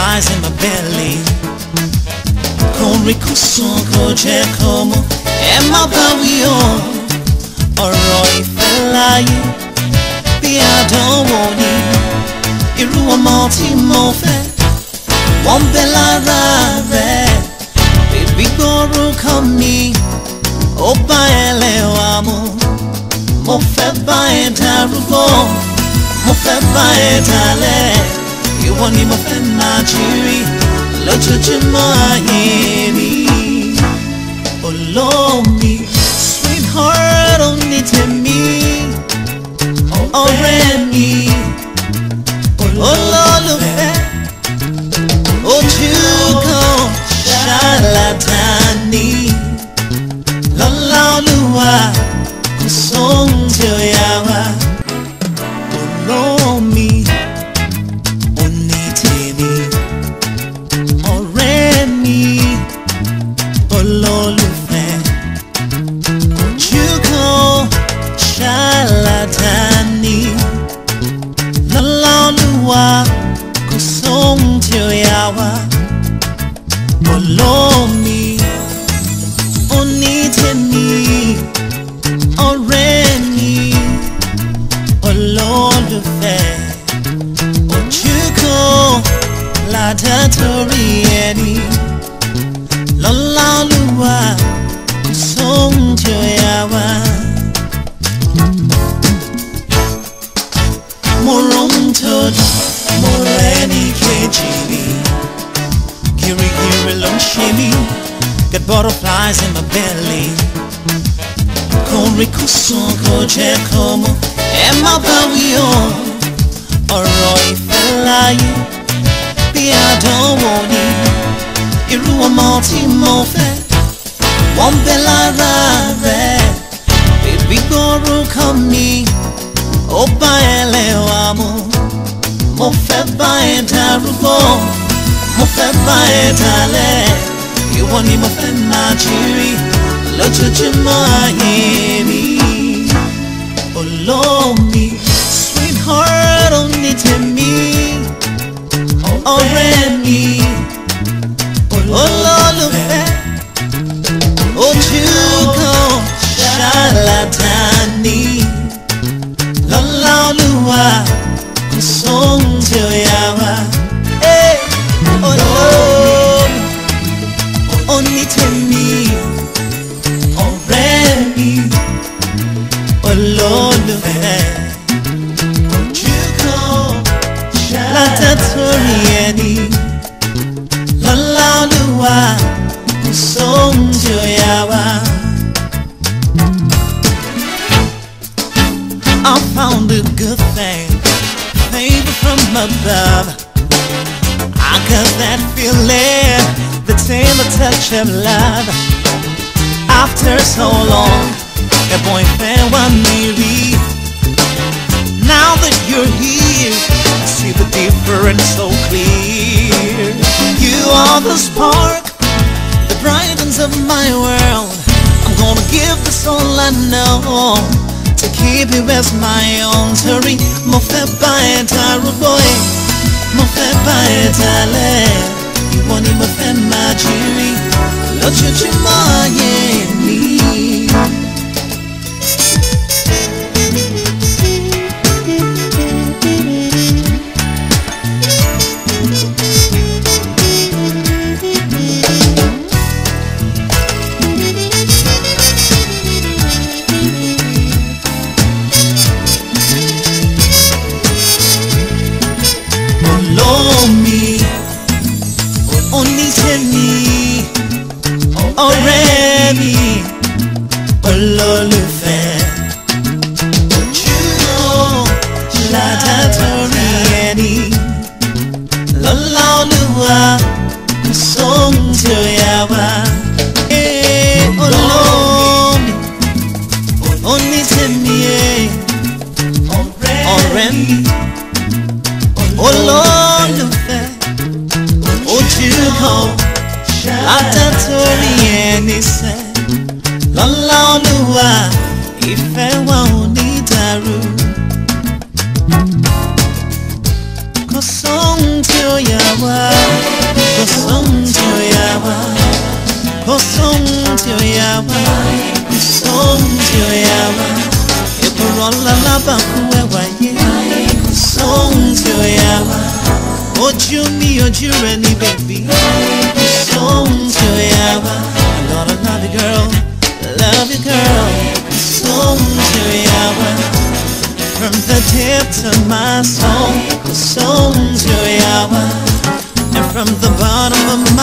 lies in my belly con ricorso croce come e ma pavio oroi felai piado woni irú ọmọ tí mo fẹ́ wọ́n bẹ lára rẹ̀ bèbí gbórúkọ mi ó bá ẹlẹ́wà mu mo fẹ́ bá ẹ ụgwọ n'ime ofe nnachiri lọchịchị mmanya emi olomi sweetheart omi tèmi ọ̀rẹ́ mi olólùfẹ́ ojú kan ṣàlàtà ni lọ́lá olúwa. olólùfẹ́ ojú kan ṣàlàdání lọ́lá Olúwa kò sóhun tí ó yà wá olómi onítẹ̀mí ọ̀rẹ́ mi olólùfẹ́ ojú kan ládàá torí ẹni. More 턴 몰래니 kiri kiri long 런치니 Got butterflies in my belly Kori son coce como E ma pavio Oroi felai Piado woni Iru amati mofe Wọ́n bẹ lára rẹ̀ Bèbí gbọ́rù kan mi Ó bá ẹlẹ́ mo fẹ́ bá ẹ darúgbó mo fẹ́ bá ẹ dalẹ̀ ìwọ ni mo fẹ́ máa jírí lójoojúmọ́ ayé mi olóòmù. sórí I found a good thing, favor from above. I got that feeling, the tender touch of love. After so long, the boyfriend want me read. lover's spark, That brightens up my world I'm gonna give this all I know To keep you as my own Turi Mofebae taro boy my tale Iwani mofema jiri Lochuchimoye mi olólùfẹ́ ojúmọ́ ládá torí ẹni lọ́lá olúwa kò sóhun tí yá wa. olómi onítèmi ọ̀rẹ́ mi olólùfẹ́ ojú kan. látẹ̀tòrí ẹni sẹ́ lọ́lá olúwa ìfẹ́ wa ò ní dàrú. kò sóhun tí ó yà wá kò sóhun tí ó yà wá kò sóhun tí ó yà wá kò sóhun tí ó yà wá èbúrò ńlá lábàkú ẹwà yé kò sóhun tí ó yà wá ojú mi ojú rẹ ní bèbí. girl, love you girl From the depths of my soul Don't you And from the bottom of my